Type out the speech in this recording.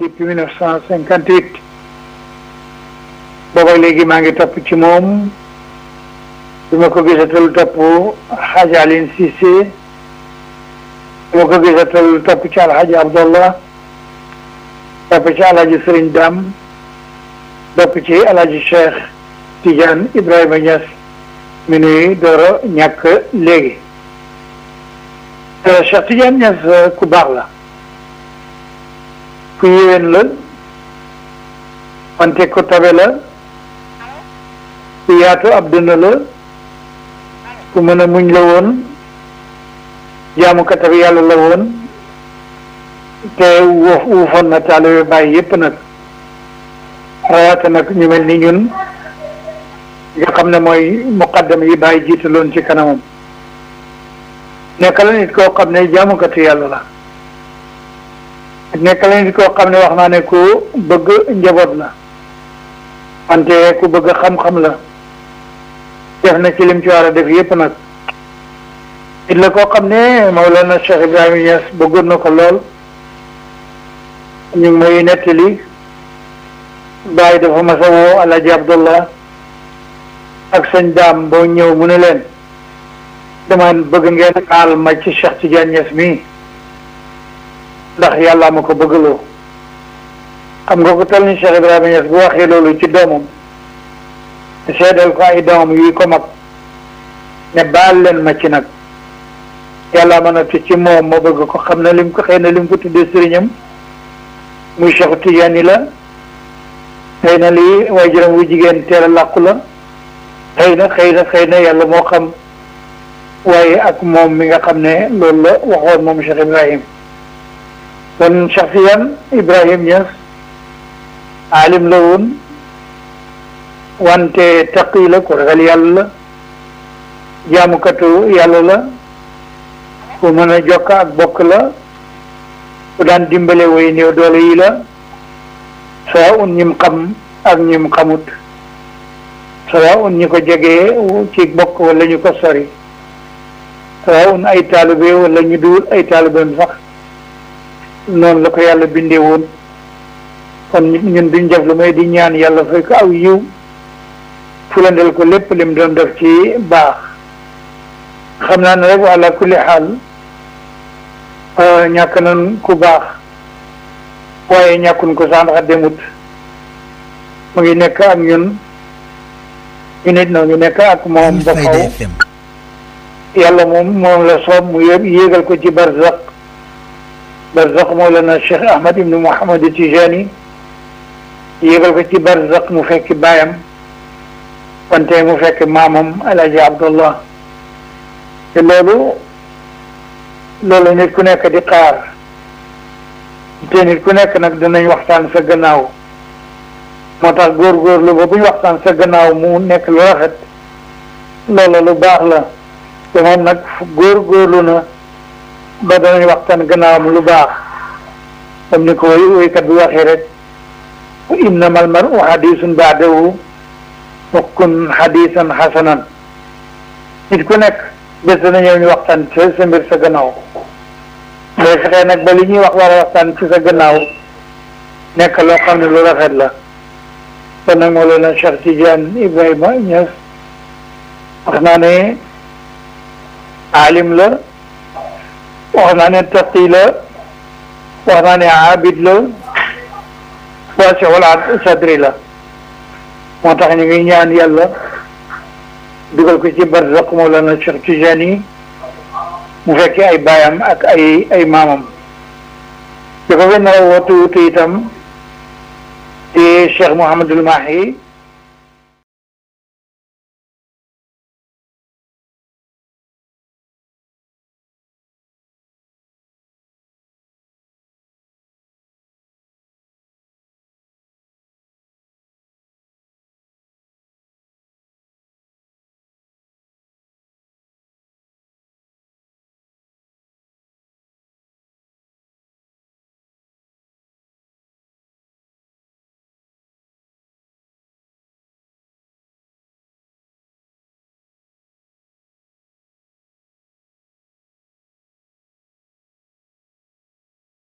depuis 1958 booba léegi maa ngi topp ci moom bi ma ko gisatal topp Hadj Aline Cissé bi ma ko gisatal topp ci Alhaji Abdallah topp ci Alhaji Sëriñ Dam topp ci Alhaji Cheikh Tidiane Ibrahima Niass mi nuy door a ñàkk léegi Cheikh Tidiane Niass ku baax la ku yéwén la wante ku tabe la ku yaatu ab dënn la ku mën a muñ la woon jaamukat ab yàlla la woon te wuufoon na taalibe bàyyi yépp nag rawaate nag ñu mel ni ñun nga xam ne mooy muqaddam yi bàyyi jiitaloon ci kanamam nekka la nit koo xam ne jaamukatu yàlla la nekk la nit koo xam ne wax naa ne ku bëgg njaboot la wante ku bëgg xam-xam la def na ci lim ci war a def yépp nag it la koo xam ne Mawlana Cheikh Ibrahima Niass bëggoon na ko lool ñu ngi may nettali bàyyi dafa mas a woo Alaaji Abdullah ak sëñ daam boo ñëw mu ne leen dama bëgg ngeen aal ma ci Cheikh Tidiane Niass mii ndax yàlla ma ko bëggaloo xam nga ko toll ni Cheikh Ibrahima Niass bu waxee loolu ci doomam te seedeel ko ay doomam yuy ko mag ne baal leen ma ci nag yàlla ma natt ci moom ma bëgg ko xam na lim ko xëy na lim ko tuddee sëriñam muy Cheikh Tidiane la xëy na lii waajuram wu jigéen teel a làqu la xëy na xëy na xëy na yàlla moo xam waaye ak moom mi nga xam ne loolu la waxoon moom Cheikh Ibrahim kon Chafiyan Ibrahim Niass aalim la woon wante taqi la ko ragal yàlla la jaamukatu yàlla la ku mën a jokk ak bokk la ku daan dimbale way néew doole yi la sawa un ñim xam ak ñim xamut sawa un ñi ko jege ci bokk wala ñu ko sori sawa un ay taalibe wala ñu duwul ay taalibeem sax noonu la ko yàlla bindee woon kon ñun duñ def lu may di ñaan yàlla fay ko aw yiw fulandal ko lépp lim doon def ci baax xam naa ne rek ala kulli xaal euh, ñàkk ku baax waaye ñàkkun ko sax ndax demut mu ngi nekk ak ñun ñu nit noo ngi nekk ak moom ba xaw yàlla moom moom la soob mu yéegal ko ci barzak برزق مولانا الشيخ احمد بن محمد التجاني يقول في برزق مفك بايم وانت مفك مامهم الاجي عبد الله لولو لولو نكون هناك دقار ان نكون هناك نقدر نوحتان سجناو متى غور غور لو بوي وقتان سجناو مو نك الواحد لولو لو باهلا تمام نك غور غور لو ba danañ waxtaan gannaawam lu baax comme ni ko woy woykat bi waxee rek wa innamal mar'u hadisun ba'dahu wa kun hadisan hasanan nit ku nekk bés dana ñëw ñu wax ci sa mbir sa gannaaw li ñuy wax war a waxtaan ci sa gannaaw nekk loo xam ne lu rafet la wax naa ne aalim wax naa ne taqi la wax naa ne abid la waasixul sadri la moo tax ñu ngi ñaan yàlla dugal ko ci barzaq Mawlana Cheikh Tijani mu fekkee ay baayam ak ay ay maamam da ko fenn wootu wutu itam di Cheikh Mouhamadul Mahi